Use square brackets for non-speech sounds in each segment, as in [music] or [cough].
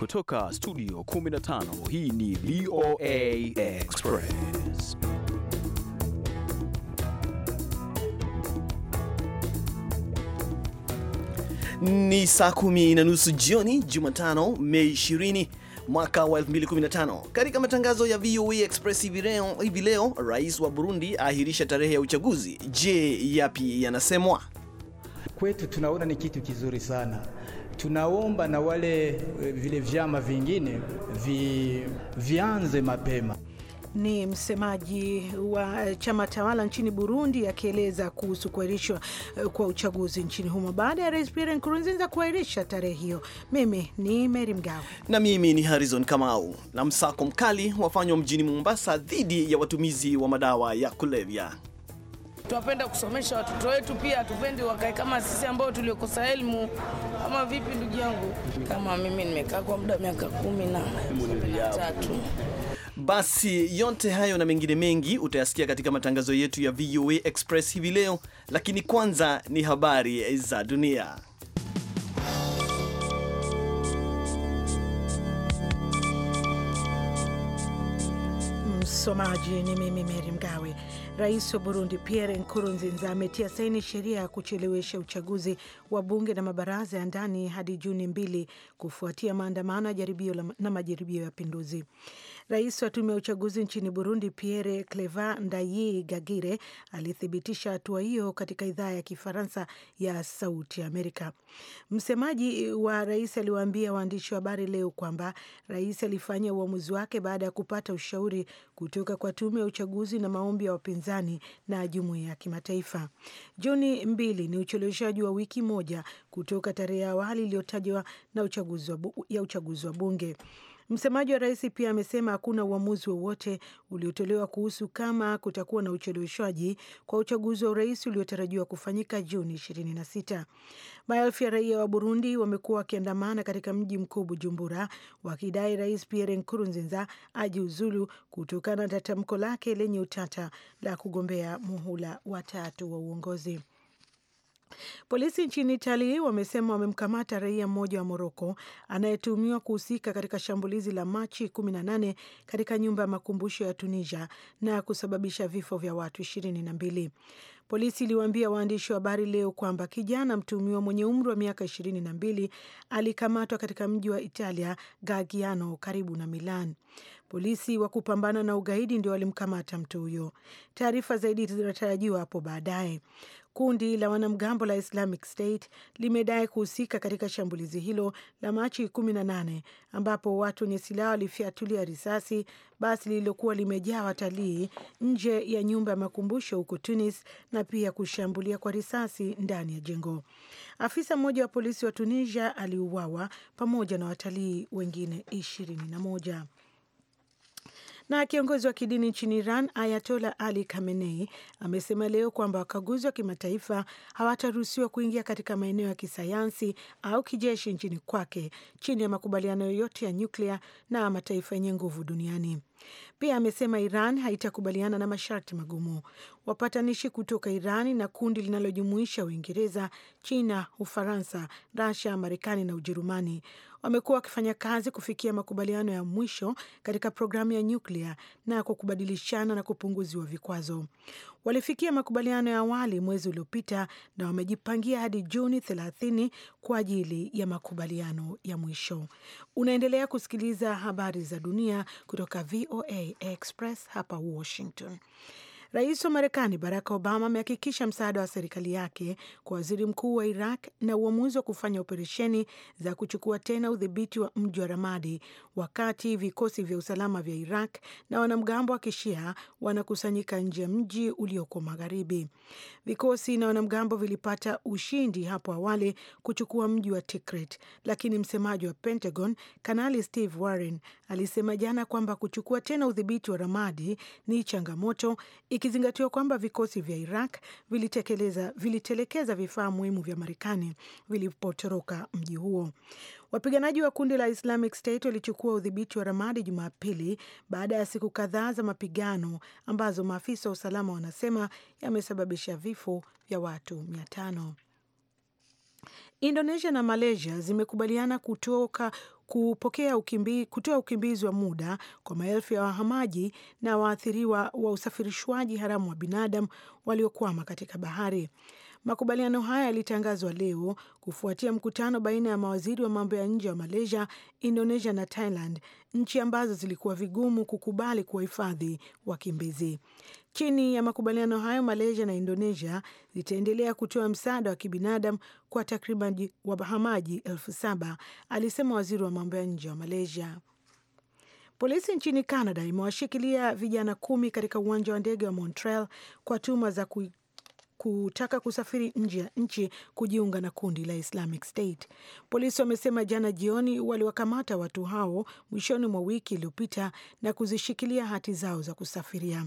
Kutoka studio 15 hii ni VOA Express. Ni saa kumi na nusu jioni Jumatano, Mei 20 mwaka wa 2015. Katika matangazo ya VOA Express hivi leo, rais wa Burundi aahirisha tarehe ya uchaguzi. Je, yapi yanasemwa? Kwetu tunaona ni kitu kizuri sana tunaomba na wale eh, vile vyama vingine vi, vianze mapema. Ni msemaji wa chama tawala nchini Burundi akieleza kuhusu kuahirishwa eh, kwa uchaguzi nchini humo baada ya rais Pierre Nkurunziza kuahirisha tarehe hiyo. Mimi ni Mary Mgawe na mimi ni Harrison Kamau. Na msako mkali wafanywa mjini Mombasa dhidi ya watumizi wa madawa ya kulevya tunapenda kusomesha watoto wetu, pia tupende wakae kama sisi ambao tuliokosa elimu. Ama vipi, ndugu yangu? Kama mimi nimekaa kwa muda miaka kumi na tatu. Basi yote hayo na mengine mengi utayasikia katika matangazo yetu ya VOA Express hivi leo, lakini kwanza ni habari za dunia. Msomaji ni mimi Meri Mgawe. Rais wa Burundi Pierre Nkurunziza ametia saini sheria ya kuchelewesha uchaguzi wa bunge na mabaraza ya ndani hadi Juni mbili kufuatia maandamano ya jaribio na majaribio ya pinduzi. Rais wa tume ya uchaguzi nchini Burundi, Pierre Cleva Ndayi Gagire, alithibitisha hatua hiyo katika idhaa ya Kifaransa ya Sauti Amerika. Msemaji wa rais aliwaambia waandishi wa habari leo kwamba rais alifanya uamuzi wake baada ya kupata ushauri kutoka kwa tume ya uchaguzi na maombi ya wapinzani na jumuiya ya kimataifa. Juni mbili ni ucheleweshaji wa wiki moja kutoka tarehe ya awali iliyotajwa ya uchaguzi wa bunge. Msemaji wa rais pia amesema hakuna uamuzi wowote uliotolewa kuhusu kama kutakuwa na ucheleweshwaji kwa uchaguzi wa urais uliotarajiwa kufanyika Juni 26. Maelfu ya raia wa Burundi wamekuwa wakiandamana katika mji mkuu Bujumbura wakidai Rais Pierre Nkurunziza ajiuzulu kutokana na tamko lake lenye utata la kugombea muhula watatu wa uongozi. Polisi nchini Itali wamesema wamemkamata raia mmoja wa Moroko anayetuhumiwa kuhusika katika shambulizi la Machi 18 katika nyumba ya makumbusho ya Tunisia na kusababisha vifo vya watu 22. Polisi iliwaambia waandishi wa habari leo kwamba kijana mtuhumiwa mwenye umri wa miaka 22 alikamatwa katika mji wa Italia Gagiano karibu na Milan. Polisi wa kupambana na ugaidi ndio walimkamata mtu huyo. Taarifa zaidi zinatarajiwa hapo baadaye. Kundi la wanamgambo la Islamic State limedai kuhusika katika shambulizi hilo la Machi 18 ambapo watu wenye silaha walifyatulia risasi basi lililokuwa limejaa watalii nje ya nyumba ya makumbusho huko Tunis na pia kushambulia kwa risasi ndani ya jengo. Afisa mmoja wa polisi wa Tunisia aliuawa pamoja na watalii wengine na moja na kiongozi wa kidini nchini Iran Ayatola Ali Khamenei amesema leo kwamba wakaguzi wa kimataifa hawataruhusiwa kuingia katika maeneo ya kisayansi au kijeshi nchini kwake chini ya makubaliano yoyote ya nyuklia na mataifa yenye nguvu duniani. Pia amesema Iran haitakubaliana na masharti magumu. Wapatanishi kutoka Iran na kundi linalojumuisha Uingereza, China, Ufaransa, Rasia, Marekani na Ujerumani wamekuwa wakifanya kazi kufikia makubaliano ya mwisho katika programu ya nyuklia na kwa kubadilishana na kupunguziwa vikwazo. Walifikia makubaliano ya awali mwezi uliopita na wamejipangia hadi Juni 30 kwa ajili ya makubaliano ya mwisho. Unaendelea kusikiliza habari za dunia kutoka VOA VOA Express hapa Washington. Rais wa Marekani Barack Obama amehakikisha msaada wa serikali yake kwa waziri mkuu wa Iraq na uamuzi wa kufanya operesheni za kuchukua tena udhibiti wa mji wa Ramadi, wakati vikosi vya usalama vya Iraq na wanamgambo wa kishia wanakusanyika nje ya mji ulioko magharibi. Vikosi na wanamgambo vilipata ushindi hapo awali kuchukua mji wa Tikrit, lakini msemaji wa Pentagon Kanali Steve Warren alisema jana kwamba kuchukua tena udhibiti wa Ramadi ni changamoto ikizingatiwa kwamba vikosi vya Iraq vilitekeleza vilitelekeza vifaa muhimu vya Marekani vilipotoroka mji huo. Wapiganaji wa kundi la Islamic State walichukua udhibiti wa Ramadi Jumapili baada ya siku kadhaa za mapigano ambazo maafisa wa usalama wanasema yamesababisha vifo vya watu mia tano. Indonesia na Malaysia zimekubaliana kutoka kupokea ukimbi, kutoa ukimbizi wa muda kwa maelfu ya wahamaji na waathiriwa wa usafirishwaji haramu wa binadamu waliokwama katika bahari. Makubaliano haya yalitangazwa leo kufuatia mkutano baina ya mawaziri wa mambo ya nje wa Malaysia, Indonesia na Thailand, nchi ambazo zilikuwa vigumu kukubali kuwahifadhi wakimbizi. Chini ya makubaliano hayo, Malaysia na Indonesia zitaendelea kutoa msaada wa kibinadamu kwa takriban wahamaji elfu saba, alisema waziri wa mambo ya nje wa Malaysia. Polisi nchini Canada imewashikilia vijana kumi katika uwanja wa ndege wa Montreal kwa tuhuma za kutaka kusafiri nje ya nchi kujiunga na kundi la Islamic State. Polisi wamesema jana jioni waliwakamata watu hao mwishoni mwa wiki iliyopita na kuzishikilia hati zao za kusafiria.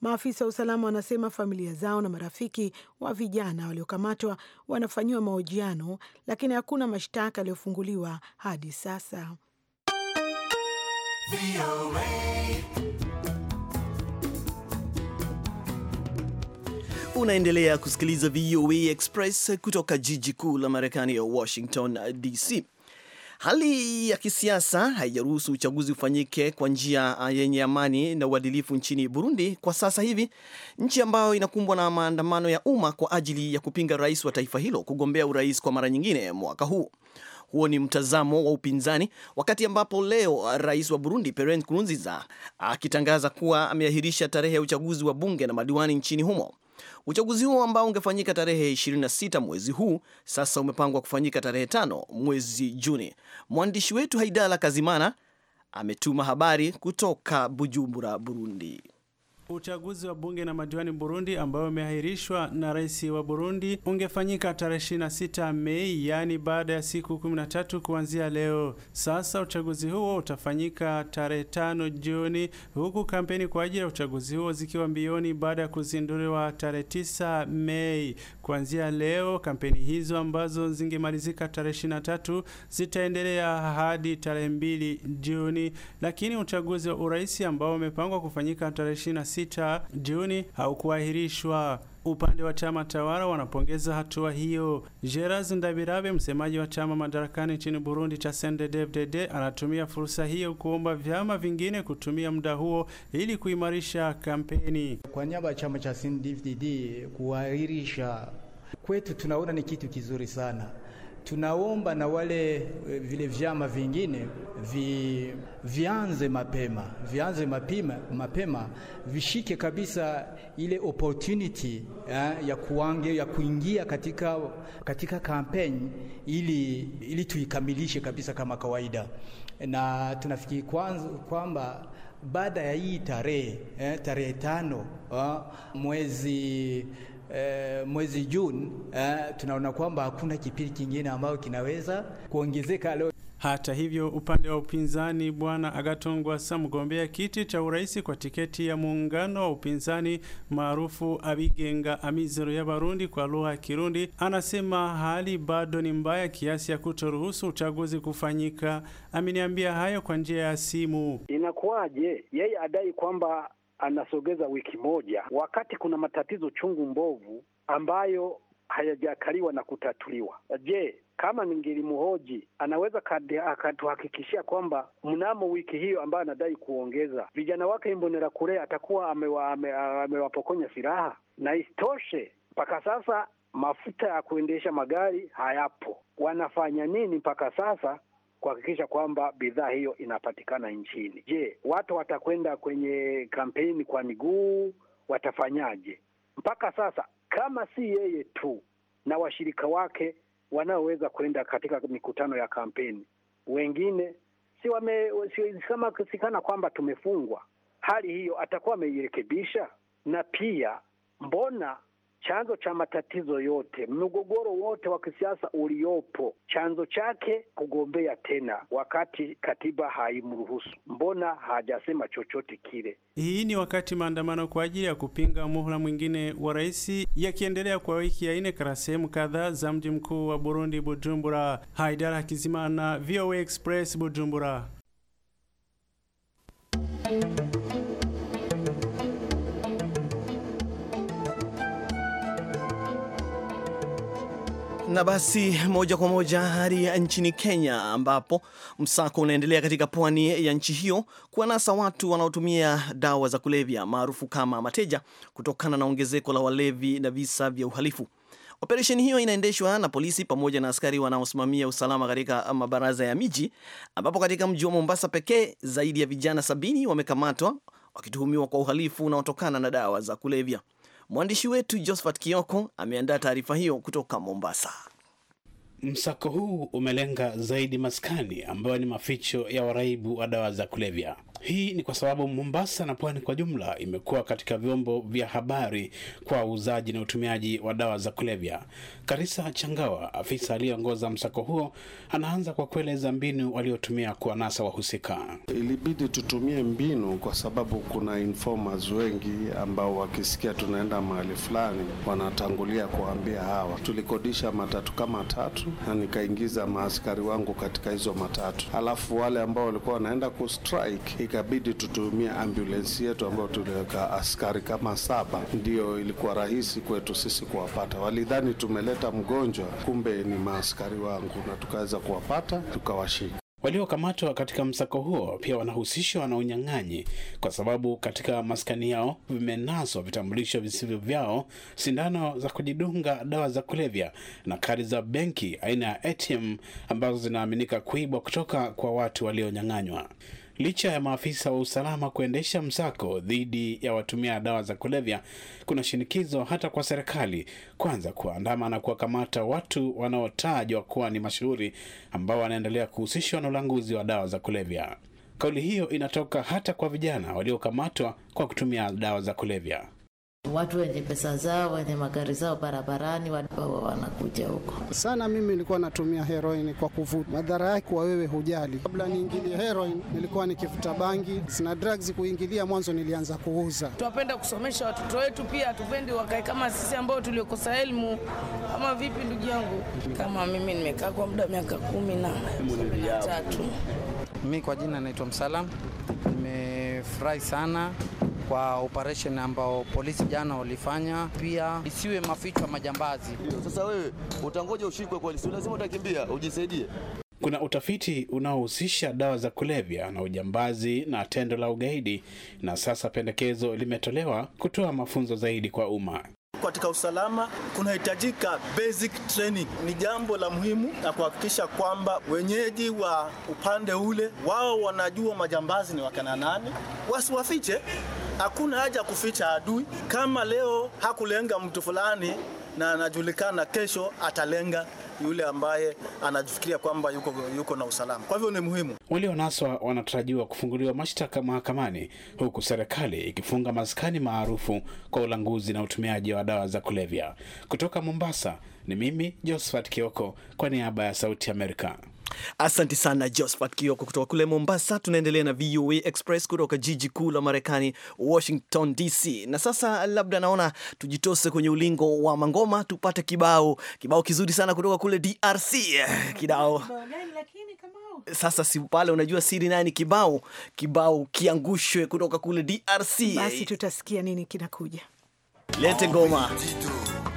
Maafisa wa usalama wanasema familia zao na marafiki wa vijana waliokamatwa wanafanyiwa mahojiano, lakini hakuna mashtaka yaliyofunguliwa hadi sasa. Unaendelea kusikiliza VOA Express kutoka jiji kuu la Marekani ya Washington DC. Hali ya kisiasa haijaruhusu uchaguzi ufanyike kwa njia yenye amani na uadilifu nchini Burundi kwa sasa hivi, nchi ambayo inakumbwa na maandamano ya umma kwa ajili ya kupinga rais wa taifa hilo kugombea urais kwa mara nyingine mwaka huu. Huo ni mtazamo wa upinzani, wakati ambapo leo rais wa Burundi Pierre Nkurunziza akitangaza kuwa ameahirisha tarehe ya uchaguzi wa bunge na madiwani nchini humo. Uchaguzi huo ambao ungefanyika tarehe 26 mwezi huu sasa umepangwa kufanyika tarehe tano mwezi Juni. Mwandishi wetu Haidala Kazimana ametuma habari kutoka Bujumbura, Burundi. Uchaguzi wa bunge na madiwani Burundi ambao umeahirishwa na rais wa Burundi ungefanyika tarehe 26 Mei, yaani baada ya siku 13 kuanzia leo. Sasa uchaguzi huo utafanyika tarehe 5 Juni, huku kampeni kwa ajili ya uchaguzi huo zikiwa mbioni baada ya kuzinduliwa tarehe 9 Mei. Kuanzia leo, kampeni hizo ambazo zingemalizika tarehe 23 zitaendelea hadi tarehe 2 Juni, lakini uchaguzi wa urais ambao umepangwa kufanyika tarehe 26 sita Juni haukuahirishwa. Upande wa chama tawala wanapongeza hatua hiyo. Gerard Ndabirabe, msemaji wa chama madarakani nchini Burundi cha CNDD-FDD, anatumia fursa hiyo kuomba vyama vingine kutumia muda huo ili kuimarisha kampeni. Kwa niaba ya chama cha CNDD-FDD, kuahirisha kwetu tunaona ni kitu kizuri sana. Tunaomba na wale eh, vile vyama vingine vi, vianze mapema vianze mapima, mapema vishike kabisa ile opportunity ya, eh, ya, kuange, ya kuingia katika, katika campaign ili, ili tuikamilishe kabisa kama kawaida, na tunafikiri kwanza kwamba baada ya hii tarehe eh, tarehe tano eh, mwezi eh, mwezi Juni eh, tunaona kwamba hakuna kipindi kingine ambayo kinaweza kuongezeka leo. Hata hivyo upande wa upinzani bwana agatongwa sa mgombea kiti cha urais kwa tiketi ya muungano wa upinzani maarufu Abigenga Amizero ya Barundi kwa lugha ya Kirundi, anasema hali bado ni mbaya kiasi ya kutoruhusu uchaguzi kufanyika. Ameniambia hayo kwa njia ya simu. Inakuwaje yeye adai kwamba anasogeza wiki moja, wakati kuna matatizo chungu mbovu ambayo hayajakaliwa na kutatuliwa. Je, kama ningelimhoji anaweza akatuhakikishia kwamba mnamo wiki hiyo ambayo anadai kuongeza vijana wake Imbonerakure atakuwa amewapokonya ame, amewapokonya silaha? Na isitoshe mpaka sasa mafuta ya kuendesha magari hayapo. Wanafanya nini mpaka sasa kuhakikisha kwamba bidhaa hiyo inapatikana nchini. Je, watu watakwenda kwenye kampeni kwa miguu? Watafanyaje? Mpaka sasa kama si yeye tu na washirika wake wanaoweza kwenda katika mikutano ya kampeni, wengine si wame si, kama kwamba tumefungwa. Hali hiyo atakuwa ameirekebisha, na pia mbona chanzo cha matatizo yote, mgogoro wote wa kisiasa uliopo, chanzo chake kugombea tena, wakati katiba haimruhusu. Mbona hajasema chochote kile? Hii ni wakati maandamano kwa ajili ya kupinga muhula mwingine wa rais yakiendelea kwa wiki ya nne katika sehemu kadhaa za mji mkuu wa Burundi, Bujumbura. Haidara Kizimana, VOA Express, Bujumbura. Na basi moja kwa moja hadi nchini Kenya ambapo msako unaendelea katika pwani ya nchi hiyo kuwanasa watu wanaotumia dawa za kulevya maarufu kama mateja kutokana na ongezeko la walevi na visa vya uhalifu. Operesheni hiyo inaendeshwa na polisi pamoja na askari wanaosimamia usalama katika mabaraza ya miji, ambapo katika mji wa Mombasa pekee zaidi ya vijana sabini wamekamatwa wakituhumiwa kwa uhalifu unaotokana na dawa za kulevya. Mwandishi wetu Josephat Kioko ameandaa taarifa hiyo kutoka Mombasa. Msako huu umelenga zaidi maskani ambayo ni maficho ya waraibu wa dawa za kulevya. Hii ni kwa sababu Mombasa na pwani kwa jumla imekuwa katika vyombo vya habari kwa uuzaji na utumiaji wa dawa za kulevya. Karisa Changawa, afisa aliyeongoza msako huo, anaanza kwa kueleza mbinu waliotumia kuwanasa wahusika. Ilibidi tutumie mbinu kwa sababu kuna informers wengi ambao wakisikia tunaenda mahali fulani wanatangulia kuambia hawa. Tulikodisha matatu kama tatu na nikaingiza maaskari wangu katika hizo matatu, alafu wale ambao walikuwa wanaenda kustrike ikabidi tutumie ambulensi yetu ambayo tuliweka askari kama saba, ndio ilikuwa rahisi kwetu sisi kuwapata. Walidhani tumeleta mgonjwa, kumbe ni maaskari wangu, na tukaweza kuwapata tukawashika. Waliokamatwa katika msako huo pia wanahusishwa na unyang'anyi, kwa sababu katika maskani yao vimenaswa vitambulisho visivyo vyao, sindano za kujidunga dawa za kulevya na kadi za benki aina ya ATM ambazo zinaaminika kuibwa kutoka kwa watu walionyang'anywa. Licha ya maafisa wa usalama kuendesha msako dhidi ya watumia dawa za kulevya, kuna shinikizo hata kwa serikali kwanza kuandama na kuwakamata watu wanaotajwa kuwa ni mashuhuri ambao wanaendelea kuhusishwa na ulanguzi wa dawa za kulevya. Kauli hiyo inatoka hata kwa vijana waliokamatwa kwa kutumia dawa za kulevya watu wenye pesa zao wenye magari zao barabarani wao wanakuja huko sana. Mimi nilikuwa natumia heroin kwa kuvuta, madhara yake kwa wewe hujali. Kabla niingilie heroin, nilikuwa nikivuta bangi na drugs. Kuingilia mwanzo, nilianza kuuza. Tunapenda kusomesha watoto wetu, pia hatupendi wakae kama sisi ambao tuliokosa elimu. Ama vipi, ndugu yangu? Kama mimi nimekaa kwa muda miaka kumi na tatu. Mimi kwa jina naitwa Msalam, nimefurahi sana kwa operation ambao polisi jana walifanya, pia isiwe maficho majambazi. Sasa wewe utangoja ushikwe kwa polisi, lazima utakimbia ujisaidie. Kuna utafiti unaohusisha dawa za kulevya na ujambazi na tendo la ugaidi, na sasa pendekezo limetolewa kutoa mafunzo zaidi kwa umma. Katika usalama kunahitajika basic training. Ni jambo la muhimu na kuhakikisha kwamba wenyeji wa upande ule wao wanajua majambazi ni wakina nani, wasiwafiche. Hakuna haja kuficha adui. Kama leo hakulenga mtu fulani na anajulikana kesho atalenga yule ambaye anajifikiria kwamba yuko, yuko na usalama. Kwa hivyo ni muhimu. Walionaswa wanatarajiwa kufunguliwa mashtaka mahakamani huku serikali ikifunga maskani maarufu kwa ulanguzi na utumiaji wa dawa za kulevya. Kutoka Mombasa ni mimi Josephat Kioko kwa niaba ya Sauti Amerika. Asante sana Josphat Kioko kutoka kule Mombasa. Tunaendelea na VOA Express kutoka jiji kuu la Marekani, Washington DC. Na sasa labda naona tujitose kwenye ulingo wa mangoma, tupate kibao kibao kizuri sana kutoka kule DRC kidao sasa si pale, unajua siri naye ni kibao kibao kiangushwe kutoka kule DRC. Basi tutasikia nini kinakuja. Lete ngoma oh,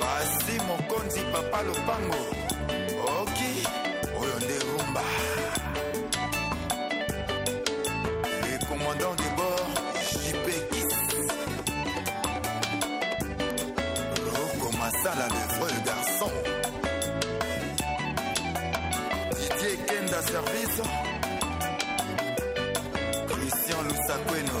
basi mokonzi papa lopango oki oyo nde rumba le commandant de bord jipekis roko masala le vrai garçon didier kenda service christian lusakweno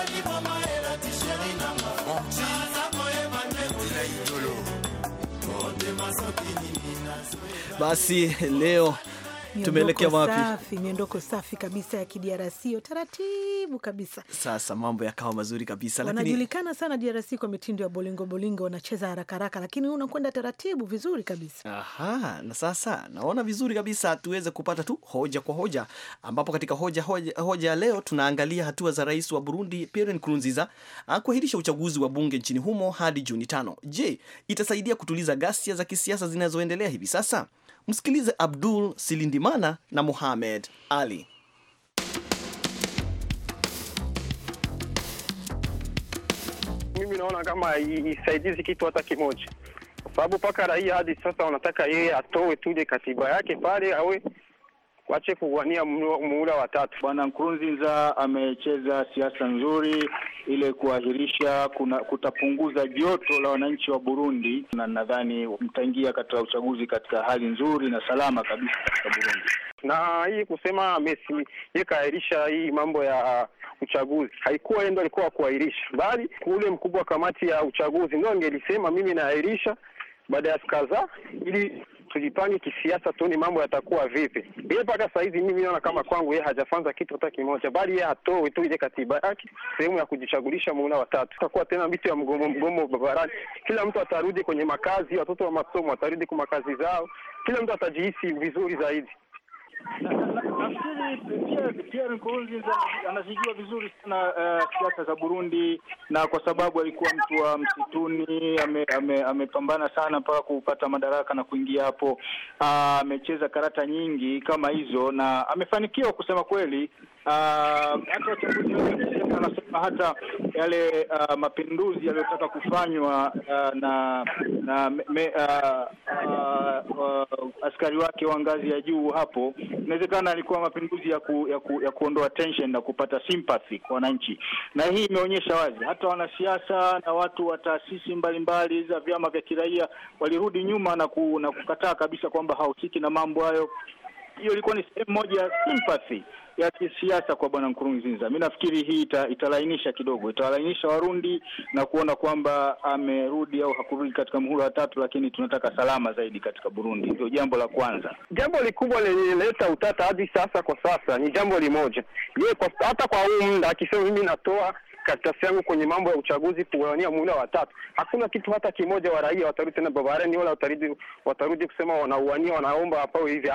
Basi leo tumeelekea wapi? Safi, miondoko safi kabisa ya kidrc taratibu kabisa. Sasa mambo yakawa mazuri kabisa, lakini wanajulikana sana DRC kwa mitindo ya bolingo bolingo, wanacheza haraka haraka, lakini huu unakwenda taratibu vizuri kabisa. Aha, na sasa naona vizuri kabisa tuweze kupata tu hoja kwa hoja, ambapo katika hoja hoja, hoja leo tunaangalia hatua za rais wa Burundi Pierre Nkurunziza ah, kuahirisha uchaguzi wa bunge nchini humo hadi Juni tano. Je, itasaidia kutuliza ghasia za kisiasa zinazoendelea hivi sasa? Msikilize Abdul Silindimana na Muhamed Ali. Mimi naona kama isaidizi kitu hata kimoja, kwa sababu mpaka raia hadi sasa wanataka yeye atoe tuje katiba yake pale awe wache kuwania muhula wa tatu. Bwana Nkurunziza amecheza siasa nzuri ile kuahirisha kuna kutapunguza joto la wananchi wa Burundi, na nadhani mtaingia katika uchaguzi katika hali nzuri na salama kabisa katika Burundi. Na hii kusema Messi yekaahirisha kaahirisha hii mambo ya uh, uchaguzi haikuwa yeye ndo alikuwa kuahirisha, bali kule mkubwa wa kamati ya uchaguzi ndo angelisema mimi naahirisha baada ya siku kadhaa, ili tujipange kisiasa, tuone mambo yatakuwa vipi. Yeye mpaka saa hizi mimi naona kama kwangu yeye hajafanza kitu hata kimoja, bali yeye atoe tu ile katiba yake sehemu ya kujichagulisha muhula wa tatu. tena vitu ya mgomo mgomo barabarani, kila mtu atarudi kwenye makazi, watoto wa masomo watarudi kwa makazi zao, kila mtu atajihisi vizuri zaidi. Nafikiri Pierre Nkurunziza anazijua vizuri sana eh, siasa za Burundi, na kwa sababu alikuwa mtu wa msituni, amepambana sana mpaka kupata madaraka na kuingia hapo. Ah, amecheza karata nyingi kama hizo na amefanikiwa kusema kweli hata wachambuzi wanasema hata yale uh, mapinduzi yaliyotaka kufanywa uh, na na me, uh, uh, uh, askari wake wa ngazi ya juu hapo, inawezekana alikuwa mapinduzi ya, ku, ya, ku, ya kuondoa tension na kupata sympathy kwa wananchi, na hii imeonyesha wazi hata wanasiasa na watu wa taasisi mbalimbali za vyama vya kiraia walirudi nyuma na, ku, na kukataa kabisa kwamba hahusiki na mambo hayo hiyo ilikuwa ni sehemu moja ya sympathy ya kisiasa kwa bwana Nkurunziza. Mimi nafikiri hii ita, italainisha kidogo, itawalainisha Warundi na kuona kwamba amerudi au hakurudi katika muhula wa tatu, lakini tunataka salama zaidi katika Burundi. Ndio jambo la kwanza. Jambo likubwa lilileta utata hadi sasa kwa sasa ni jambo limoja, yeye hata kwa huu muda akisema mimi natoa karatasi yangu kwenye mambo ya uchaguzi kuwania muhula wa tatu, hakuna kitu hata kimoja wa raia watarudi tena barabarani wala watarudi watarudi kusema wanauania wanaomba hapao hivi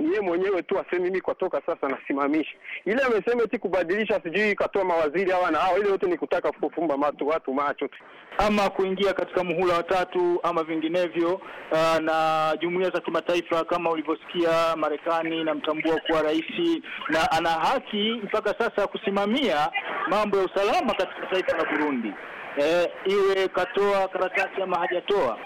niye mwenyewe tu aseme mimi toka sasa nasimamisha ile. Amesema eti kubadilisha, sijui ikatoa mawaziri hawa na hawa, ile yote ni kutaka kufumba matu watu macho tu, ama kuingia katika muhula wa tatu ama vinginevyo. Aa, uh, na jumuiya za kimataifa kama ulivyosikia, Marekani namtambua kuwa rais na ana haki mpaka sasa kusimamia mambo ya usalama katika taifa la Burundi. E, iwe katoa karatasi ama hajatoa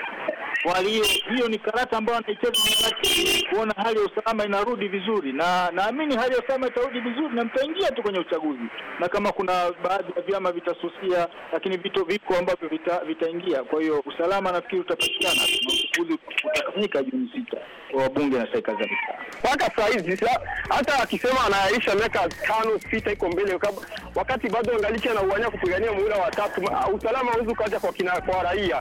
walio. Hiyo ni karata ambayo anaicheza Wanachi kuona hali ya usalama inarudi vizuri, na naamini hali ya usalama itarudi vizuri na mtaingia tu kwenye uchaguzi, na kama kuna baadhi ya vyama vitasusia, lakini vito viko ambavyo vitaingia vita. Kwa hiyo usalama nafikiri utapatikana na uchaguzi utafanyika Juni sita wa wabunge na serikali za mitaa. Mpaka saa hizi hata akisema anayaisha miaka tano sita iko mbele, wakati bado angalicha anauania kupigania muhula wa usalama hauzi ukaja kwa, kwa raia.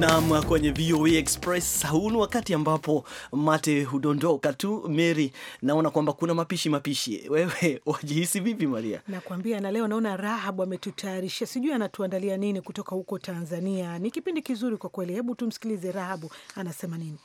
Nam kwenye VOA e Express huu ni wakati ambapo mate hudondoka tu. Mary, naona kwamba kuna mapishi mapishi, wewe wajihisi vipi Maria? Nakwambia, na leo naona Rahab ametutayarishia, sijui anatuandalia nini kutoka huko Tanzania. Ni kipindi kizuri kwa kweli, hebu tumsikilize Rahabu anasema nini.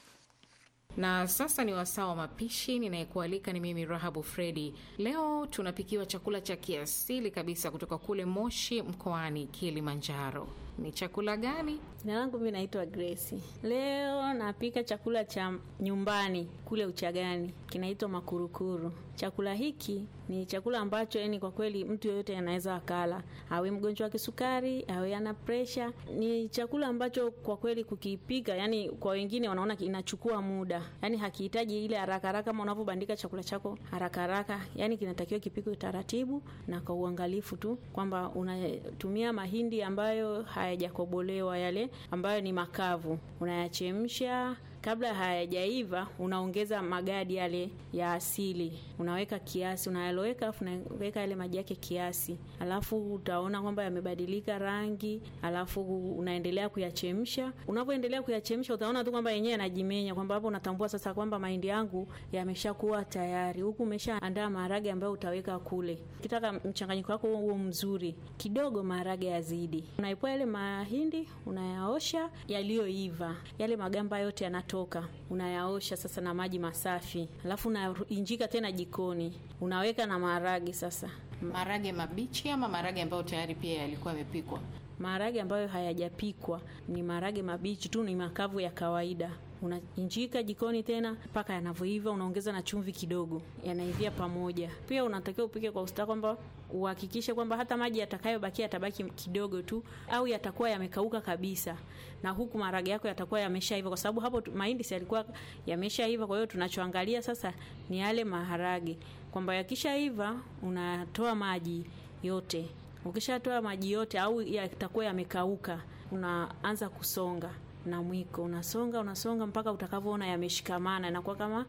Na sasa ni wasaa wa mapishi. Ninayekualika ni mimi Rahabu Fredi. Leo tunapikiwa chakula cha kiasili kabisa kutoka kule Moshi mkoani Kilimanjaro ni chakula gani? Jina langu mi naitwa Grace. Leo napika chakula cha nyumbani kule Uchagani, kinaitwa makurukuru. Chakula hiki ni chakula ambacho yani kwa kweli mtu yoyote anaweza akala, awe mgonjwa wa kisukari, awe ana presha. Ni chakula ambacho kwa kweli kukipika, yani kwa wengine wanaona inachukua muda, yani hakihitaji ile haraka haraka kama unavyobandika chakula chako haraka haraka, yani kinatakiwa kipikwe taratibu na kwa uangalifu tu, kwamba unatumia mahindi ambayo ha hayajakobolewa yale ambayo ni makavu, unayachemsha Kabla hayajaiva, unaongeza magadi yale ya asili, unaweka kiasi, unayaloweka afu unaweka yale maji yake kiasi, alafu utaona kwamba yamebadilika rangi, alafu unaendelea kuyachemsha. Unavyoendelea kuyachemsha, utaona tu kwamba yenyewe yanajimenya, kwamba hapo unatambua sasa kwamba mahindi yangu yameshakuwa tayari. Huku umeshaandaa maharage ambayo utaweka kule, kitaka mchanganyiko wako huo mzuri kidogo, maharage yazidi. Unaipoa yale mahindi, unayaosha yaliyoiva, yale magamba yote yanatoka yanayotoka unayaosha sasa na maji masafi, alafu unainjika tena jikoni, unaweka na maharage sasa, maharage mabichi ama maharage ambayo tayari pia yalikuwa yamepikwa. Maharage ambayo hayajapikwa ni maharage mabichi tu, ni makavu ya kawaida unainjika jikoni tena mpaka yanavyoiva, unaongeza na chumvi kidogo, yanaivia pamoja. Pia unatakiwa upike kwa usta kwamba uhakikishe kwamba hata maji yatakayobaki yatabaki kidogo tu, au yatakuwa yamekauka kabisa, na huku maharage yako yatakuwa yameshaiva, kwa sababu hapo mahindi yalikuwa yameshaiva. Kwa hiyo tunachoangalia sasa ni yale maharage, kwamba yakishaiva unatoa maji yote. Ukishatoa maji yote, au yatakuwa yamekauka, unaanza kusonga na mwiko, unasonga unasonga mpaka utakavyoona yameshikamana, inakuwa kama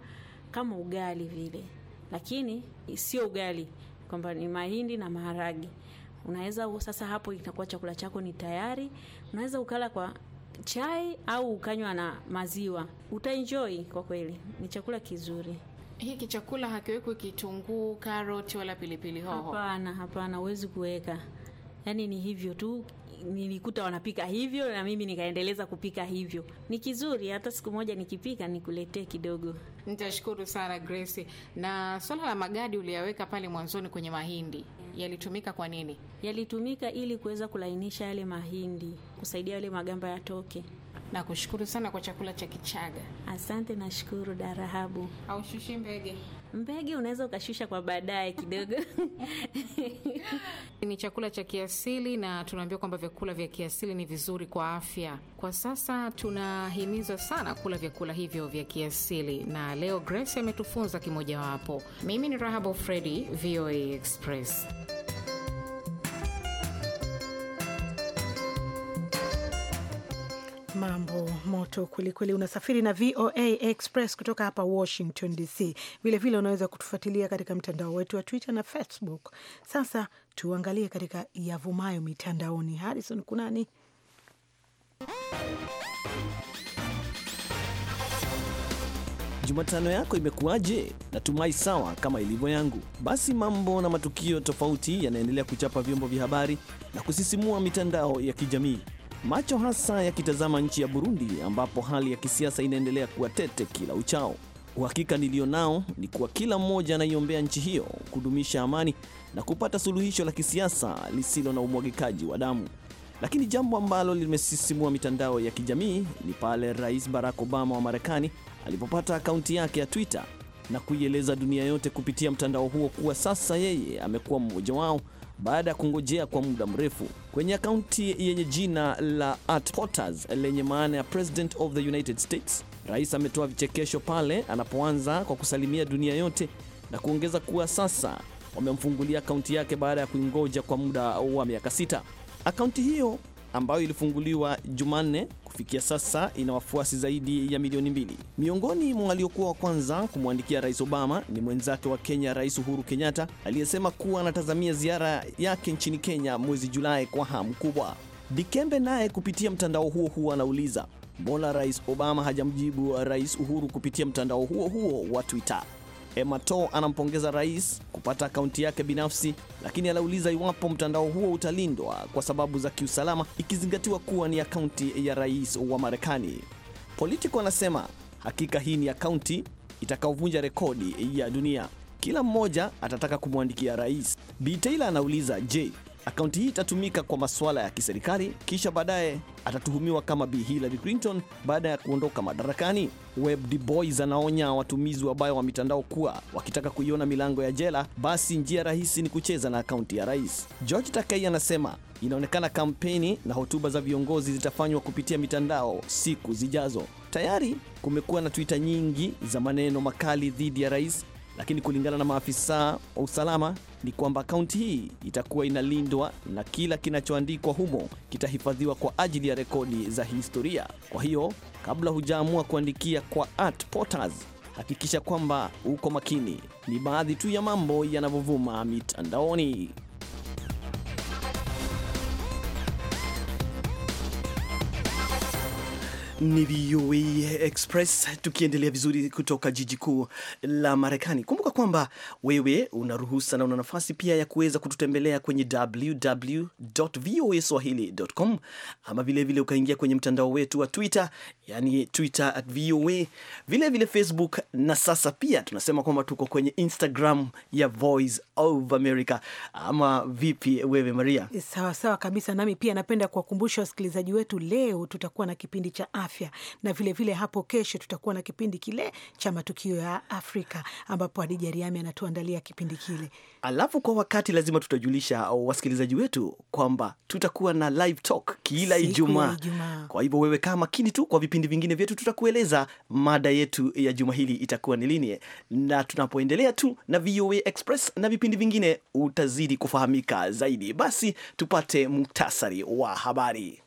kama ugali vile, lakini sio ugali kwamba ni mahindi na maharagi. Unaweza sasa, hapo itakuwa chakula chako ni tayari. Unaweza ukala kwa chai au ukanywa na maziwa, utaenjoy kwa kweli, ni chakula kizuri. Hiki chakula hakiwekwi kitunguu, karoti wala pilipili hoho? Hapana, hapana, huwezi kuweka, yaani ni hivyo tu nilikuta wanapika hivyo na mimi nikaendeleza kupika hivyo. Ni kizuri, hata siku moja nikipika nikuletee kidogo. Nitashukuru sana Grace. Na swala la magadi uliyaweka pale mwanzoni kwenye mahindi yalitumika kwa nini? Yalitumika ili kuweza kulainisha yale mahindi, kusaidia yale magamba yatoke. Nakushukuru sana kwa chakula cha Kichaga. Asante, nashukuru Darahabu. Aushushi mbege? Mbege unaweza ukashusha kwa baadaye kidogo. [laughs] Ni chakula cha kiasili na tunaambiwa kwamba vyakula vya kiasili ni vizuri kwa afya. Kwa sasa tunahimizwa sana kula vyakula hivyo vya kiasili, na leo Grace ametufunza kimojawapo. Mimi ni Rahabu Fredi, VOA Express. Mambo moto kwelikweli. Unasafiri na VOA Express kutoka hapa Washington DC. Vilevile unaweza kutufuatilia katika mtandao wetu wa Twitter na Facebook. Sasa tuangalie katika yavumayo mitandaoni. Harrison Kunani. Jumatano yako imekuwaje? Natumai sawa kama ilivyo yangu. Basi mambo na matukio tofauti yanaendelea kuchapa vyombo vya habari na kusisimua mitandao ya kijamii macho hasa yakitazama nchi ya Burundi ambapo hali ya kisiasa inaendelea kuwa tete kila uchao. Uhakika nilio nao ni kuwa kila mmoja anaiombea nchi hiyo kudumisha amani na kupata suluhisho la kisiasa lisilo na umwagikaji wa damu. Lakini jambo ambalo limesisimua mitandao ya kijamii ni pale Rais Barack Obama wa Marekani alipopata akaunti yake ya Twitter na kuieleza dunia yote kupitia mtandao huo kuwa sasa yeye amekuwa mmoja wao baada ya kungojea kwa muda mrefu. Kwenye akaunti yenye jina la At Potters lenye maana ya President of the United States, rais ametoa vichekesho pale anapoanza kwa kusalimia dunia yote na kuongeza kuwa sasa wamemfungulia akaunti yake baada ya kuingoja kwa muda wa miaka sita. Akaunti hiyo ambayo ilifunguliwa Jumanne kufikia sasa ina wafuasi zaidi ya milioni mbili. Miongoni mwa waliokuwa wa kwanza kumwandikia Rais Obama ni mwenzake wa Kenya, Rais Uhuru Kenyatta aliyesema kuwa anatazamia ziara yake nchini Kenya mwezi Julai kwa hamu kubwa. Dikembe naye kupitia mtandao huo huo anauliza mbona Rais Obama hajamjibu Rais Uhuru kupitia mtandao huo huo wa Twitter? Emato anampongeza rais kupata akaunti yake binafsi, lakini anauliza iwapo mtandao huo utalindwa kwa sababu za kiusalama ikizingatiwa kuwa ni akaunti ya rais wa Marekani. Politico anasema hakika hii ni akaunti itakaovunja rekodi ya dunia. Kila mmoja atataka kumwandikia rais. Bi Taylor anauliza, je, Akaunti hii itatumika kwa masuala ya kiserikali, kisha baadaye atatuhumiwa kama Bi Hillary Clinton baada ya kuondoka madarakani. Web anaonya watumizi wabaya wa mitandao kuwa wakitaka kuiona milango ya jela, basi njia rahisi ni kucheza na akaunti ya rais. George Takei anasema inaonekana kampeni na hotuba za viongozi zitafanywa kupitia mitandao siku zijazo. Tayari kumekuwa na Twitter nyingi za maneno makali dhidi ya rais lakini kulingana na maafisa wa usalama ni kwamba kaunti hii itakuwa inalindwa na kila kinachoandikwa humo kitahifadhiwa kwa ajili ya rekodi za historia. Kwa hiyo kabla hujaamua kuandikia kwa Art Potters, hakikisha kwamba uko makini. Ni baadhi tu ya mambo yanavyovuma mitandaoni. Ni VOA Express tukiendelea vizuri kutoka jiji kuu la Marekani. Kumbuka kwamba wewe una ruhusa na una nafasi pia ya kuweza kututembelea kwenye www.voaswahili.com ama vilevile ukaingia kwenye mtandao wetu wa Twitter, yani Twitter at VOA, vilevile Facebook na sasa pia tunasema kwamba tuko kwenye Instagram ya Voice of America. Ama vipi wewe Maria? Sawa sawa kabisa, nami pia napenda kuwakumbusha wasikilizaji wetu, leo tutakuwa na kipindi cha afya, na vilevile vile hapo kesho tutakuwa na kipindi kile cha matukio ya Afrika ambapo Hadija Riami anatuandalia kipindi kile, alafu kwa wakati lazima tutajulisha uh, wasikilizaji wetu kwamba tutakuwa na live talk kila Ijumaa. Kwa hivyo wewe kaa makini tu kwa vipindi vingine vyetu, tutakueleza mada yetu ya juma hili itakuwa ni lini, na tunapoendelea tu na VOA Express na vipindi vingine utazidi kufahamika zaidi. Basi tupate muktasari wa habari.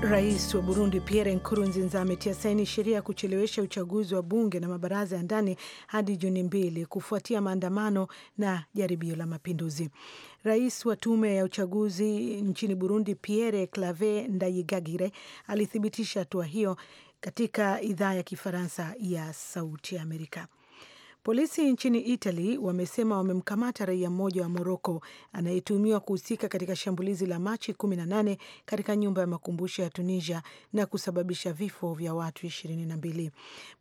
Rais wa Burundi Pierre Nkurunziza ametia saini sheria ya kuchelewesha uchaguzi wa bunge na mabaraza ya ndani hadi Juni mbili kufuatia maandamano na jaribio la mapinduzi. Rais wa tume ya uchaguzi nchini Burundi Pierre Clave Ndayigagire alithibitisha hatua hiyo katika idhaa ya Kifaransa ya Sauti ya Amerika. Polisi nchini Italy wamesema wamemkamata raia mmoja wa Moroko anayetuhumiwa kuhusika katika shambulizi la Machi 18 katika nyumba ya makumbusho ya Tunisia na kusababisha vifo vya watu 22.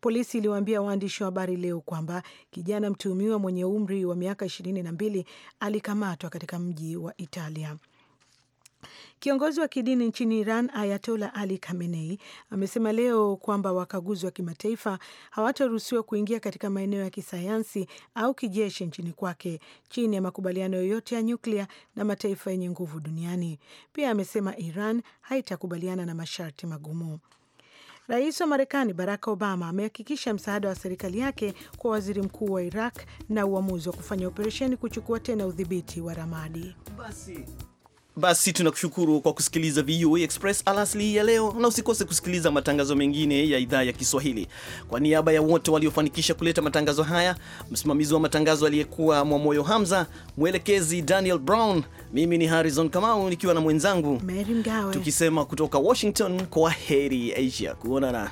Polisi iliwaambia waandishi wa habari leo kwamba kijana mtuhumiwa mwenye umri wa miaka 22 alikamatwa katika mji wa Italia. Kiongozi wa kidini nchini Iran Ayatola Ali Khamenei amesema leo kwamba wakaguzi wa kimataifa hawataruhusiwa kuingia katika maeneo ya kisayansi au kijeshi nchini kwake chini ya makubaliano yoyote ya nyuklia na mataifa yenye nguvu duniani. Pia amesema Iran haitakubaliana na masharti magumu. Rais wa Marekani Barack Obama amehakikisha msaada wa serikali yake kwa waziri mkuu wa Iraq na uamuzi wa kufanya operesheni kuchukua tena udhibiti wa Ramadi. Basi. Basi tunakushukuru kwa kusikiliza VOA e Express alasli ya leo, na usikose kusikiliza matangazo mengine ya idhaa ya Kiswahili. Kwa niaba ya wote waliofanikisha kuleta matangazo haya, msimamizi wa matangazo aliyekuwa Mwamoyo Hamza, mwelekezi Daniel Brown, mimi ni Harrison Kamau nikiwa na mwenzangu Mgawe, tukisema kutoka Washington, kwa heri Asia, kuonana.